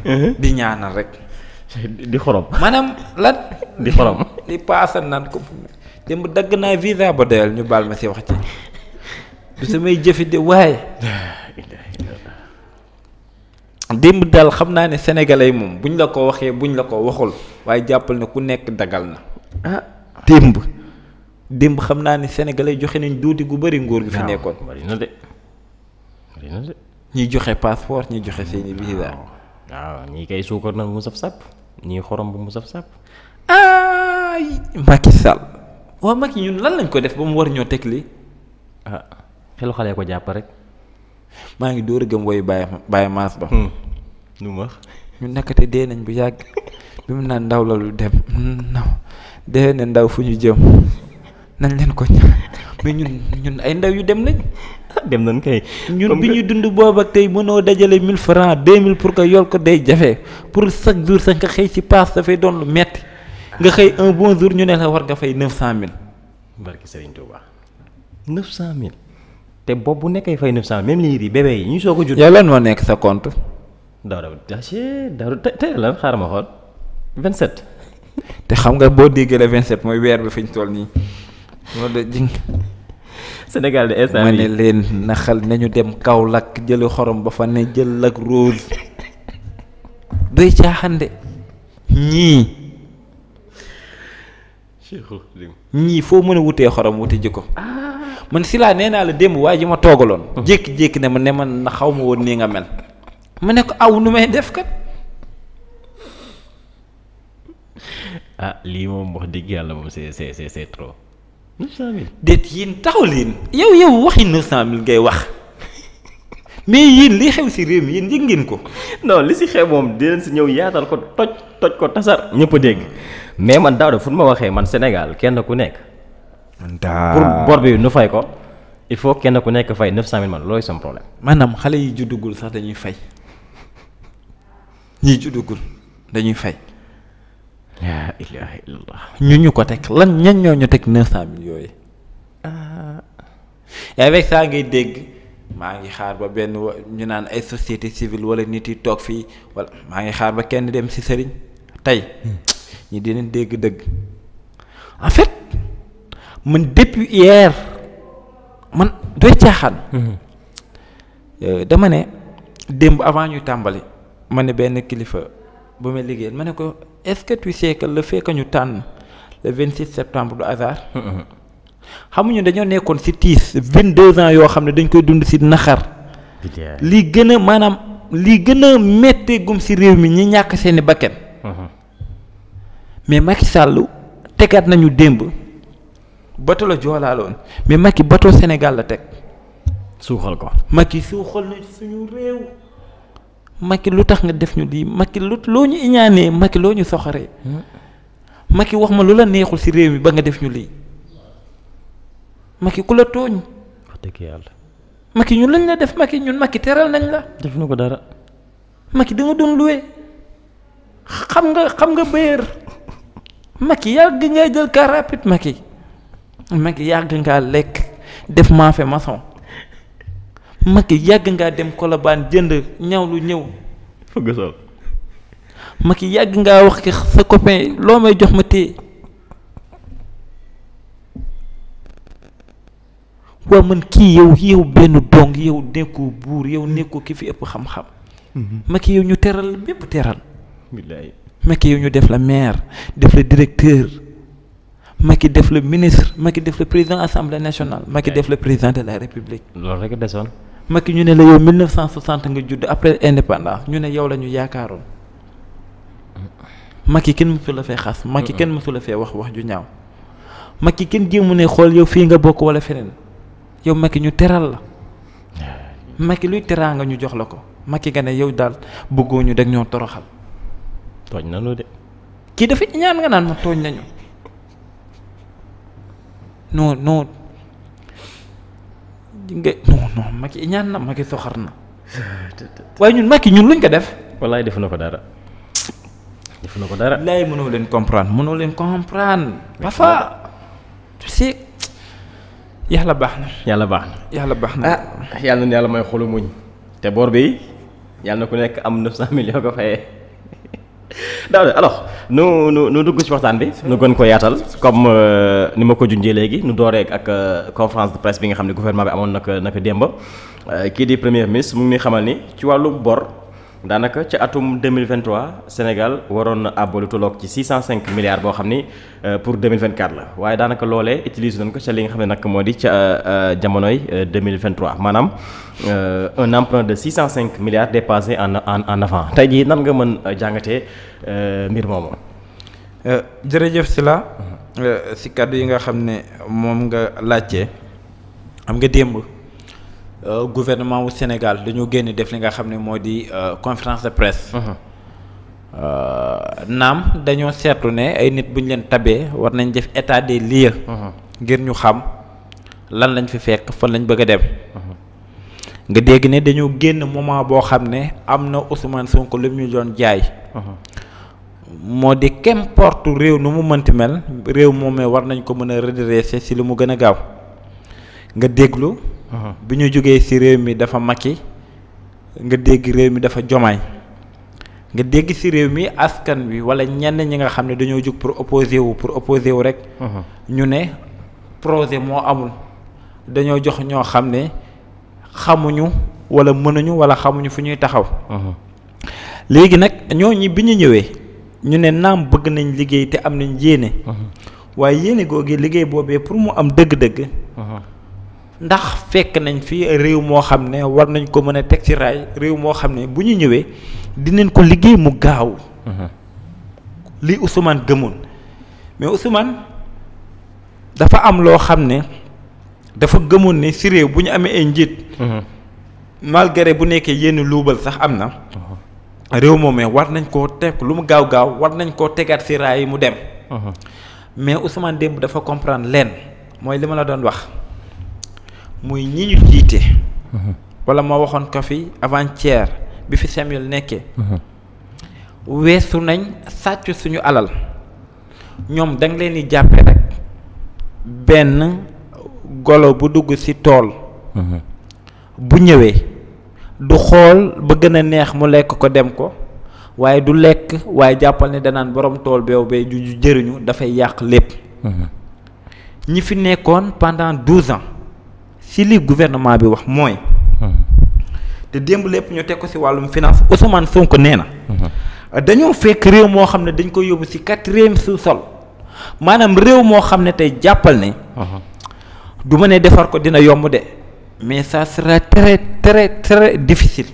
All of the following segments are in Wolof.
Uh-huh. di ñaanal rek. di xorom. maanaam lan. di xorom. di paasa naan ko. démb dagg naa visa ba doyal ñu baal ma si wax ci du samay jëfi de waaye. démb daal xam naa ne sénégalais yi moom buñ la ko waxee buñ la ko waxul waaye jàppal ne ku nekk daggal na. ah démb. démb xam naa ni sénégalais joxe nañ duuti gu bëri nguur gi fi nekkoon. bari na de joxe passeport ñiy joxe seeni visa waaw ñii kay suukar nag mu saf sap ñii xorom bu mu saf sàpp ay Macky Sall waaw Macky ñun lan lañ ko def ba mu war ñoo teg lii ah xelu xale ko jàpp rek maa ngi dóor a gëm woyu baay bàyyi maas ba lu hmm. ma wax dee nañ bu yàgg bi mu naan ndaw la lu dem hmm, naw dee ne ndaw fu ñu jëm nañ leen ko ñaan mais ñun ñun ay ndaw yu dem nañ dem nañ kay. ñun bi ñu dund boobu ak tey mënoo dajale 1000 francs 2000 pour que yor ko day jafe pour chaque jour sax nga xëy ci paas dafay doon lu metti nga xëy un bon jour ñu ne la war nga fay 900000. barki Serigne Touba. 900000. te boobu bu nekkee fay 900 même liir yi bébé yi ñu soo ko judd. yow lan moo nekk sa compte. daaw daaw daaw te tey lan xaaral ma xool 27. te xam nga boo déggee le 27 mooy weer bi fi ñu toll nii. loolu de Sénégal de instant ma ne leen na xal nañu dem kaw Kaolack jëli xorom ba fa ne jël Lac Rose doy caaxande ñii ñii foo mën a wutee xorom wuti ji ko ah. man si laa nee naa la démb waaye ji ma toogaloon mm-hmm. jékki-jékki ne ma ne man na xaw ma woon nii nga mel ma ne ko aw nu may def kat ah lii moom wax dëgg yàlla moom c'est c'est c'est trop 900000 déet yéen taxaw leen yow yow waxi 900000 ngay wax mais yéen li xew si réew mi yéen yëg ngeen ko. non li si xew moom di si ñëw yaatal ko toj toj ko tasar ñëpp a dégg mais man daaw de fu ma waxee man Sénégal kenn ku nekk. pour bor bi nu fay ko. il faut kenn ku nekk fay 900000 man looy sam problème. maanaam xale yi juddugul sax dañuy fay ñiy juddugul dañuy fay. la ilaha illallah ñu ñu ko teg lan ñan ñoo ñu teg neuf cent mille yooyu ah. eh, avec ça ngay dégg maa ngi xaar ba benn ñu naan ay societé civile wala nit yi toog fii wala maa ngi xaar ba kenn dem ci sëriñ tey ñi dinañ dégg dëgg en fait man depuis hier man doy caaxaan mhm. euh, dama ne démb avant ñu tàmbali ma ne benn kilifa bu ma liggéeyal ma ne ko est-ce que tu sais ñu tànn le 26 septembre du hasard. xamuñu dañoo nekkoon ci tiis 22 ans yoo xam ne dañ koy dund ci naxar. li gën a maanaam li gën a métteegum ci réew mi ñi ñàkk seeni bakkan. Uh-huh. mais Macky Sall tegaat nañu démb bato la joolaaloon mais Macky bato Sénégal la teg. suuxal ko Macky suuxal na suñu réew. makki lu tax nga def ñu lii makki lu loo ñu iñaanee Macky loo ñu soxoree hmm? Macky wax ma lu la neexul ci réew mi ba nga def ñu lii Macky ku la tooñ. wax dëgg yàlla. Macky ñun lañ la def Macky ñun Macky teral nañ la. def na ko dara. Macky da nga doon luwe xam nga xam nga béyër Macky yàgg ngay jël car rapide Macky Macky yàgg ngaa lekk def maafe maçon. Macky yàgg ngaa dem kolobaan jënd ñaw lu ñëw. fëgg sol Macky yàgg ngaa wax ki sa copain loo may jox ma téye waaw man kii yow yow benn dong yow nekkoo buur yow nekkoo ki fi ëpp xam-xam. Mhm. Macky yow ñu teral bépp teral. billaay Macky ñu def la maire def la directeur. Macky def la ministre Macky def le président assemblée nationale Macky def le président de la république. loolu rek a Macky ñu ne la yow 1960 nga judd après indépendance ñu ne yow la ñu yaakaaroon Macky kenn mësu la fee xas. Macky kenn mësu la wax wax ju ñaaw. Macky kenn jéemu ne xool yow fii nga bokk wala feneen yow Macky ñu teral la Macky luy teraanga ñu jox la ko Macky nga ne yow daal bëggoo ñu dag ñoo toroxal. tooñ na loo de. kii dafa ñaan nga naan ma tooñ nañu non non. di nga non non Macky ñaan na Macky soxar na. waaye ñun Macky ñun luñ ko def. wallaay defu na ko dara. defu na ko dara. laay mënoo leen comprendre mënoo leen comprendre. parfois tu sais yàlla baax na. yàlla baax na yàlla baax na. ah yàlla na yàlla may xolu muñ. te bor bi yàlla ku nekk am 900 millions ko fayee. daal alors nu nu nu dugg ci waxtaan bi nu gën ko yaatal comme euh, ni ma ko junjee léegi nu dooree ak euh, conférence de presse bi nga xam ne gouvernement bi amoon naka naka démb euh, kii di première ministre mu ngi xamal ni ci wàllu bor daanaka ci atum 2023 Sénégal waroon na àbbalu tolloog ci 605 milliards boo xam ni euh, pour 2024 la waaye daanaka loole utilise nañ ko ca li nga xam ne nag moo di ca euh, euh, jamonoy mille 2023 maanaam un emprunt de 605 milliards dépassé en en en avant tey jii nan nga mën jàngatee mbir moomu. jërëjëf Sylla si kàddu yi nga xam ne moom nga laajte xam nga démb. Euh, gouvernement wu Sénégal dañoo génn def li nga xam ne moo di euh, conférence de presse. Uh-huh. Euh, naam dañoo seetlu ne ay nit bu ñu leen tabee war nañ def état des lieux. Uh-huh. ngir ñu xam lan lañ fi fekk fan lañ bëgg a dem. Uh-huh. nga dégg ne dañoo génn moment boo xam ne am na Ousmane Sonko lu ñu doon jaay. moo di qu'importe réew nu mu mënti mel réew moomee war nañ ko mën a redresser ci lu mu gën a gaaw nga déglu. Uh-huh. bi ñu jógee ci réew mi dafa Macky nga dégg réew mi dafa Jomaay nga dégg ci réew mi askan wi walla ñenn ñi nga xam ne dañoo jóg pour opposer wu pour opposer wu rek. Uh-huh. ñu ne projet moo amul dañoo jox ñoo xam ne xamuñu walla mënuñu walla xamuñu fu ñuy taxaw. Uh-huh. léegi nag ñooñu bi ñu ñëwee ñu ne naam bëgg nañ liggéey te am nañ yéene. waaye yéene googu liggéey boobee pour mu am dëgg-dëgg. ndax fekk nañ fi réew moo xam ne war nañ ko mën a teg ci raay réew moo xam ne bu ñu ñëwee dinañ ko liggéey mu gaaw. Mhm. li Ousmane gëmoon mais Ousmane dafa am loo xam ne dafa gëmoon ne si réew bu ñu amee ay njiit. Mhm. malgare bu nekkee yenn luubal sax am na. Mhm. réew moomee war nañ koo teg lu mu gaaw gaaw war nañ koo tegaat si raay yi mu dem. mais Ousmane démb dafa comprendre leen mooy li ma la doon wax. muy ñi ñu jiite. Mhm. walla ma waxoon ko fi avant-hier bi fi Samuel nekkee. Mhm. weesu nañ sàcc suñu alal ñoom da leen di jàppe benn golo bu dugg ci tool. Mhm. bu ñëwee du xool ba gën a neex mu lekk ko dem ko waaye du lekk waaye jàppal ne danaan boroom tool beew bee ju jëriñu dafay yàq lépp. ñi fi nekkoon pendant douze ci li gouvernement bi wax mooy. te démb lépp ñu teg ko si wàllum finance Ousmane Sonko nee na. dañoo fekk réew moo xam ne dañ ko yóbbu si quatrième sous-sol maanaam réew moo xam ne tey jàppal ne. du ma ne defar ko dina yomb de mais ça sera très très très difficile.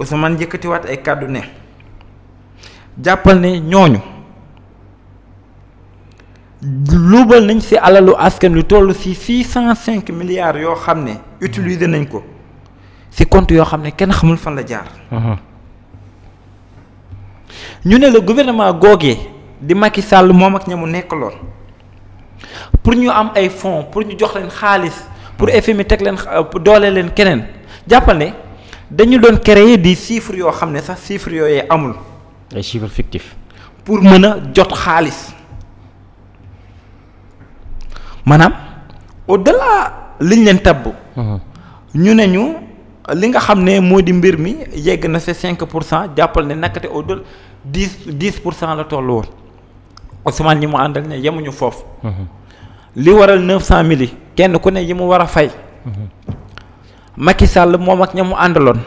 Ousmane yëkkatiwaat ay kàddu ne jàppal ne ñooñu. luubal nañ ci alalu askan lu toll ci cent cinq milliards yoo xam ne utiliser nañ ko ci conte yoo xam ne kenn xamul fan la jaar uh-huh. ñu ne la gouvernement googee di Macky Sall moom ak ña mu nekk lool pour ñu am ay fonds pour ñu jox leen xaalis pour FMI teg leen euh, doole leen keneen jàppal ne dañu doon créer di chiffres yoo xam ne sax chiffres yooyu amul ay chiffres pour mën a jot xaalis maanaam au delà liñ leen tab mhm. ñu ne ñu li nga xam ne moo di mbir mi yegg na sa cinq pour cent jàppal ne nakate au delà dix dix pour cent la toll woon Ousmane ñi mu àndal ne yemuñu foofu. Mhm. li waral neuf cent mille kenn ku ne yi mu war a fay. Mhm. Macky Sall moom ak ña mu àndaloon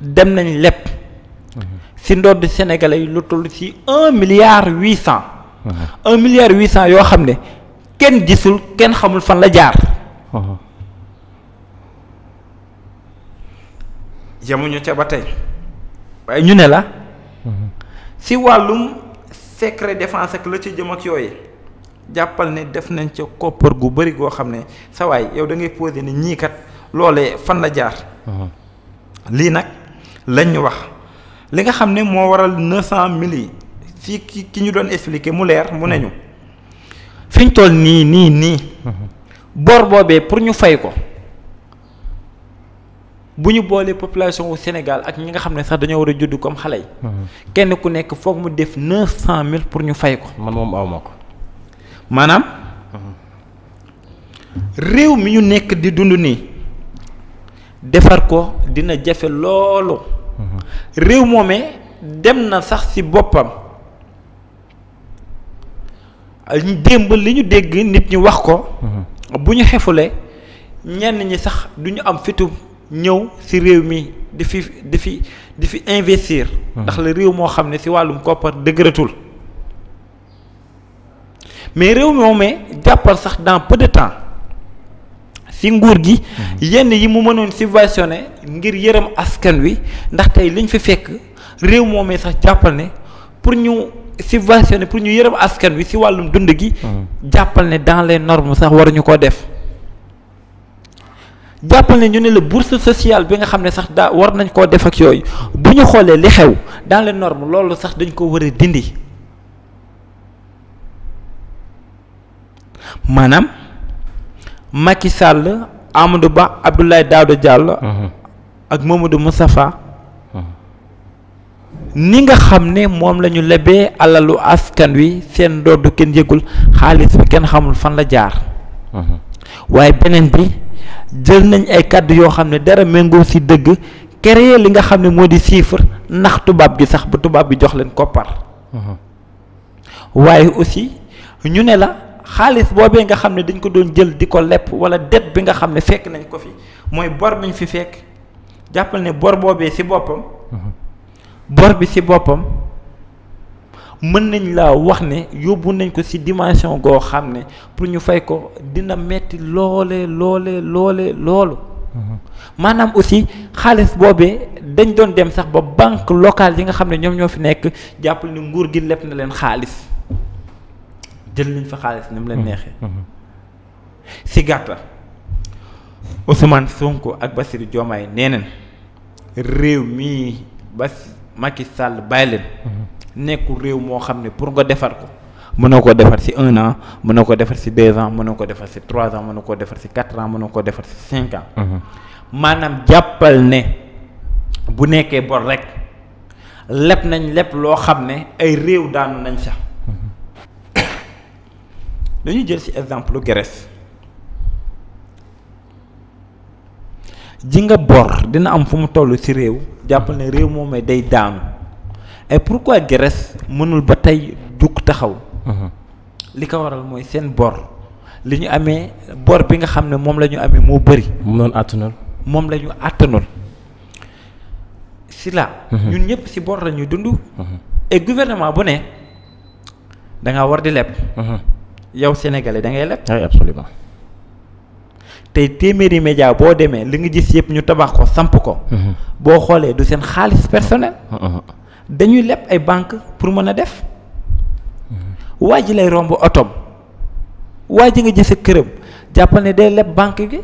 dem nañ lépp si ndodd Sénégalais yi lu toll ci un milliard huit cent. un milliard huit cent yoo xam ne. kenn gisul kenn xamul fan la jaar. Uh-huh. yemuñu ca ba tey waaye ñu ne la uh-huh. si wàllum secret défense ak la ca jëm ak yooyu jàppal ne def nañ ca koppar gu bari goo xam ne sa waay yow da ngay posé ni ñii kat loole fan la jaar. Uh-huh. lii nag lañ ñu wax li nga xam ne moo waral neuf cent mille yi si ki ki ñu doon expliqué mu leer mu ne ñu. fi ñu toll nii nii nii bor boobee pour ñu fay ko bu ñu boolee population wu Sénégal ak ñi nga xam ne sax dañoo war a juddu comme xale yi. Mhm. kenn ku nekk foog mu def neuf cent mille pour ñu fay ko. man moom aw ma ko. maanaam mhm. réew mi ñu nekk di dund nii defar ko dina jafe loolu. Mhm. réew moomee dem na sax ci boppam. ñu démb li ñu dégg nit ñu wax ko. Mhm. bu ñu xefulee ñenn ñi sax duñu am fitu ñëw ci réew mi di fi di fi di fi investir. Mhm. ndax la réew moo xam ne ci wàllum koppar dëgëratul. mais réew moomee jàppal sax dans peu de temps ci nguur gi. Mhm. yenn yi mu mënoon subventionné ngir yërëm askan wi ndax tey liñ fi fekk réew moomee sax jàppal ne pour ñu. subventionné pour ñu yërëm askan wi si wàllum dund gi. Hmm. jàppal ne dans les normes sax waruñu koo def. jàppal ne ñu ne la bourse sociale bi nga xam ne sax daa war nañ koo def ak yooyu bu ñu xoolee li xew dans leen normes loolu sax dañ ko war a dindi maanaam Macky sàll amadu Ba Abdoulaye Daouda Diallo. Hmm. ak Mamadou Moustapha ni nga xam ne moom lañu ñu lebee alalu askan wi seen doodu kenn yëgul xaalis bi kenn xamul fan la jaar mhm. waaye beneen bi jël nañ ay kàddu yoo xam ne dara méngoo ci dëgg créer li nga xam ne moo di chiffre ndax tubaab gi sax ba tubaab bi jox leen koppar mhm. waaye aussi ñu ne la xaalis boobee nga xam ne dañ ko doon jël di ko lepp wala dette bi nga xam ne fekk nañ ko fi mooy bor bi ñu fi fekk jàppal ne bor boobee ci boppam mhm. bor bi ci boppam mën nañ laa wax ne yóbbu nañ ko ci dimension goo xam ne pour ñu fay ko dina metti loole loole loolu mhm. maanaam aussi xaalis boobee dañ doon dem sax ba banque locale yi nga xam ne ñoom ñoo fi nekk jàpp ni nguur gi lepp na leen xaalis jël nañ fa xaalis ni mu leen mhm. neexee mhm. si gàttal Ousmane Sonko ak Bassirou Diomaye nee neen réew mii Bass Macky Sall bàyyi leen. Mhm. nekkul réew moo xam ne pour nga defar ko. mënoo koo defar ci un an mënoo ko defar ci deux ans mënoo ko defar ci trois ans mënoo ko defar ci quatre ans mënoo ko defar ci cinq ans. Mhm. maanaam jàppal ne bu nekkee bor rek leb nañ leb loo xam ne ay réew daanu nañ sax mhm. dañu jël ci exemple Grèce ji nga bor dina am fu mu toll ci réew. jàppal na réew moom day daanu et pourquoi Grèce mënul ba tey dugg taxaw. Mhm. li ko waral mooy seen bor li ñu amee bor bi nga xam ne moom lañu ñu amee moo bëri. moom la àttanul moom la ñu àttanul mhm. ñun ñëpp si bor la ñuy dund. Mhm. et gouvernement bu ne danga war di leb. yow sénégalais da ngay leb. tey téeméeri média boo demee li nga gis yëpp ñu tabax ko samp ko. Mhm. boo xoolee du seen xaalis personnel. Mhm. dañuy leb ay banque pour mën a def. Mhm. waa ji lay romb otom waa ji nga sa këram jàppal ne day leb banque gi.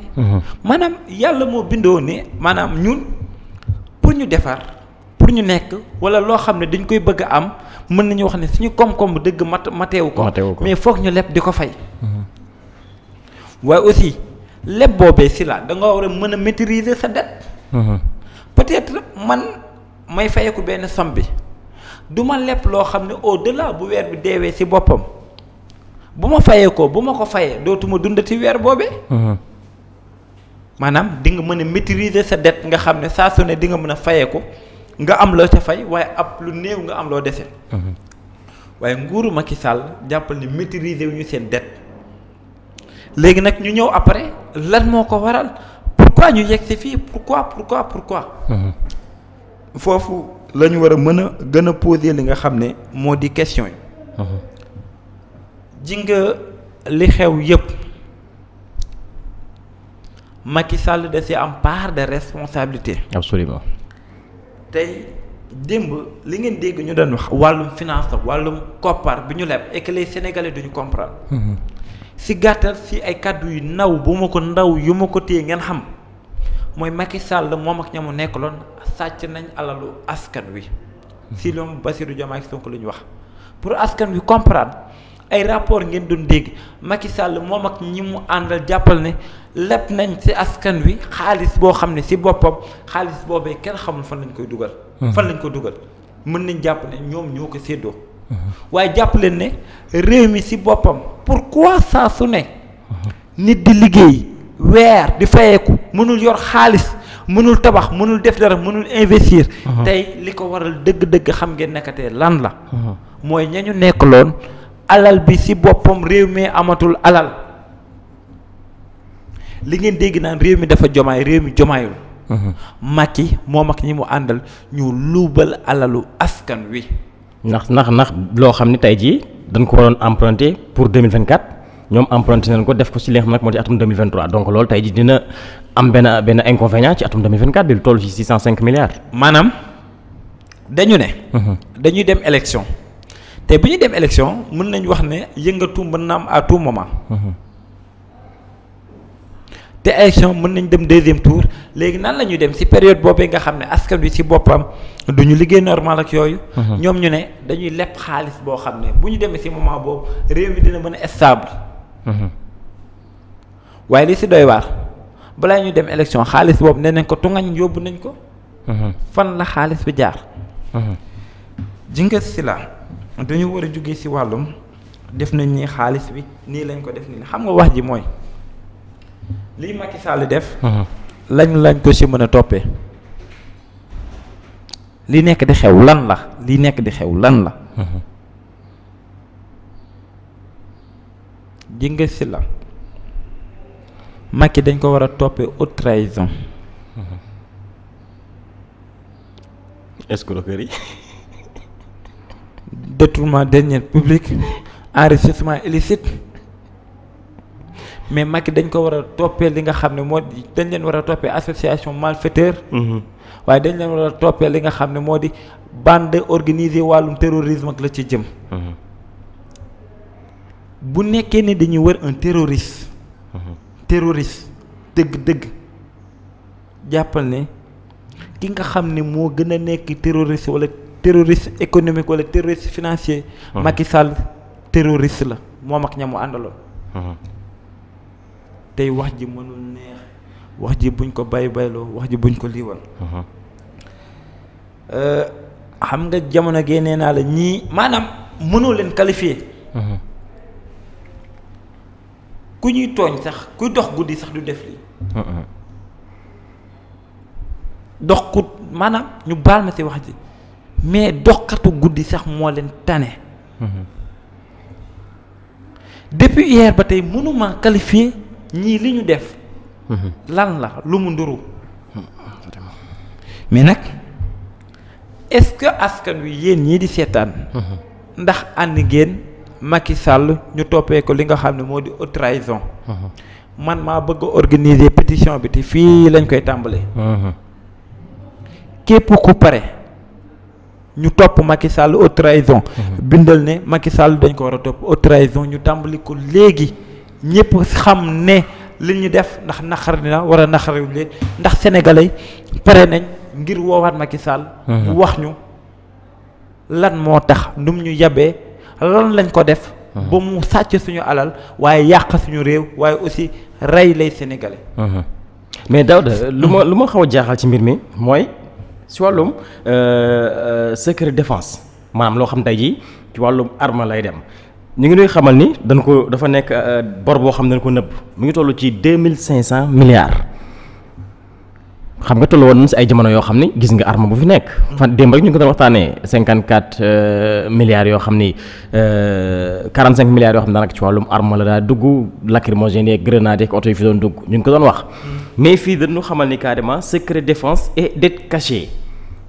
maanaam yàlla moo bindoo ne maanaam ñun pour ñu defar pour ñu nekk wala loo xam ne dañ koy bëgg am mën nañu wax ne suñu koom-koom dëgg mat mateewu ko. mais foog ñu leb di ko fay. waaye aussi. leb boobee si la danga nga war a mën a maîtriser sa dette. Mhm. peut-être man may fayeku benn somme bi du leb loo xam ne au-delà bu weer bi deewee si boppam bu ma fayee ko bu ma ko fayee dootuma dundati weer boobe mhm. maanaam di nga mën a maîtriser sa dette nga xam ne saa sone ne di nga mën a fayeeku nga am loo ca fay waaye ab lu néew nga am loo dese. Mhm. waaye nguuru Macky Sall jàppal ne maîtriser wu ñu seen det léegi nag ñu ñëw après lan moo ko waral pourquoi ñu yegg si fii pourquoi pourquoi pourquoi. Mhm. foofu lañu ñu war a mën a gën a poser li nga xam ne moo di question yi. Mhm. ji nga li xew yépp ki Sall da si am part de responsabilité. absolument tey démb li ngeen dégg ñu doon wax wàllum finance wàllum koppar bi ñu leb et que les duñu comprendre. Mhm. si gàttal si ay kàddu yu ndaw bu ma ko ndaw yu ma ko téye ngeen xam mooy Macky Sall moom ak ñamu nekk loon sàcc nañ alalu askan wi si mhm. loom Bassirou Diomaye Sonko lu ñu wax pour askan wi comprendre ay rapport ngeen doon dégg Macky Sall moom ak ñi mu àndal jàppal ne lépp nañ si askan wi xaalis boo xam ne si boppam xaalis boobee kenn xamul fan lañ koy dugal mhm. fan lañ ko dugal mën nañ jàpp ne ñoom ñoo ko séddoo waaye jàpp leen ne réew mi ci boppam pourquoi saa su ne nit di liggéey weer di fayeeku mënul yor xaalis mënul tabax mënul def dara mënul investir uh-huh. tey li ko waral dëgg-dëgg xam ngeen nekkatee lan la uh-huh. mooy ñañu nekk loon alal bi ci boppam réew mi amatul alal li ngeen dégg naan réew mi dafa jomaay réew mi jomaayul uh-huh. Macky moom ak ñi mu àndal ñu luubal alalu askan wi ndax ndax ndax loo xam ne tey jii dañ ko waroon emprunté pour 2024 ñoom emprunté nañ ko def ko si li nga xam nag moo ci atum 2023 donc loolu tey dina am benn benn inconvénient ci atum 2024 bi lu toll ci maanaam dañu ne. Mhm. dañuy dem élection te bu ñuy dem élection mën nañu wax ne yëngatu mën na am à tout moment. Mhm. te élection mën nañ dem deuxième tour léegi nan la ñuy dem ci période boobee nga xam ne askan wi ci boppam. du ñu liggéey normal ak yooyu. Mhm. ñoom ñu ne dañuy leb xaalis boo xam ne bu ñu demee ci moment boobu réew mi dina mën a stable. Mhm. waaye li ci doy waar balaa ñu dem élection xaalis boobu nee nañ ko tungañ yóbbu nañ ko. Mhm. fan la xaalis bi jaar. ji si la dañu war a jóge ci wàllum def nañ ni xaalis bi nii lañ ko def nii xam nga wax ji mooy. lii Macky Sall def. lañ lañ ko ci mën a toppee. li nekk di xew lan la li nekk di xew lan la. Mhm. ji nga si la. Macky dañ ko war a toppee haute trahison. Mhm. escroquerie. détournement deniers publics enrichissement illicite mais yi dañ ko war a toppee li nga xam ne moo dañ leen war a toppee association malfaiteur. Mhm. waaye dañ leen war a toppee li nga xam ne moo di bande organiser wàllum terrorisme ak la ci jëm. Mhm. bu nekkee ne dañuy wër un terroriste. Mhm. terroriste dëgg-dëgg jàppal ne ki nga xam ne moo gën a nekk terroriste wala terroriste économique wala terroriste financier. Mhm. Macky Sall terroriste la moom ak ñamu àndaloon. tey wax ji mënul neex. wax ji buñ ko bay bayloo wax ji buñ ko liiwal uh-huh. euh, xam nga jamono génnee naa la ñii maanaam mënoo leen qualifier uh-huh. ku ñuy tooñ sax kuy dox guddi sax du def lii uh-huh. dox ku maanaam ñu baal ma ci wax ji mais doxkatu guddi sax moo leen tane depuis hier ba tey mënuma qualifier ñii li ñu def lan la lu mu nduru mais nag est-ce que askan wi yéen ñii di seetaan ndax ànd ngeen Macky sàll ñu toppee ko li nga xam ne moo di haute trahison man maa bëgg a organiser pétition bi te fii lañ koy tàmbalee képp ku pare ñu topp Macky Sall haute trahison bindal ne Macky Sall dañ ko war a topp haute trahison ñu tàmbali ko léegi ñëpp xam ne li ñu def ndax naqari na war a naqariwul leen ndax sénégalais pare nañ ngir woowaat ki Sall. Mhm. wax ñu lan moo tax nu mu ñu yabee lan lañ ko def. Mhm. ba mu sàcc suñu alal waaye yàq suñu réew waaye aussi rey lay sénégalais. Mhm. mais Daouda lu ma lu ma xaw a jaaxal ci mbir mi mooy si wàllum euh, euh, secret défense maanaam loo xam tey ji ci wàllum arme lay dem. ñu ngi nuy xamal ni dañ ko dafa nekk euh, bor boo xam ne dañ ko nëbb mu ngi toll ci deux mille cinq cent milliards xam nga toll woon nañ si ay jamono yoo xam ni gis nga arme bu fi nekk. fan démb rek ñu ngi ko doon waxtaanee cinquante quatre euh, milliards yoo xam ni euh, quarante cinq milliards yoo xam ne ci wàllum arme la daa dugg lacrymogène yeeg grenade yeeg oto yi fi doon ñu ngi doon wax. Mm. mais fii dañu xamal ni carrément secret défense et dette cachée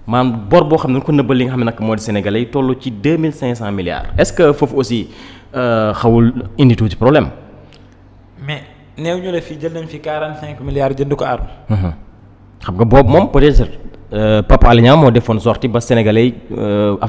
maanaam bor boo xam ne dañ ko nëbbal li nga xam ne nag moo di Sénégalais yi toll ci deux mille cinq cent milliards. est-ce que foofu aussi. Euh, xawul indi tuuti problème. mais néew ñu la fii jël nañ fi quarante cinq milliards jënd ko arme. Mhm. xam nga boobu moom peut-être euh, Papa Alioune moo defoon sorti ba sénégalais yi euh,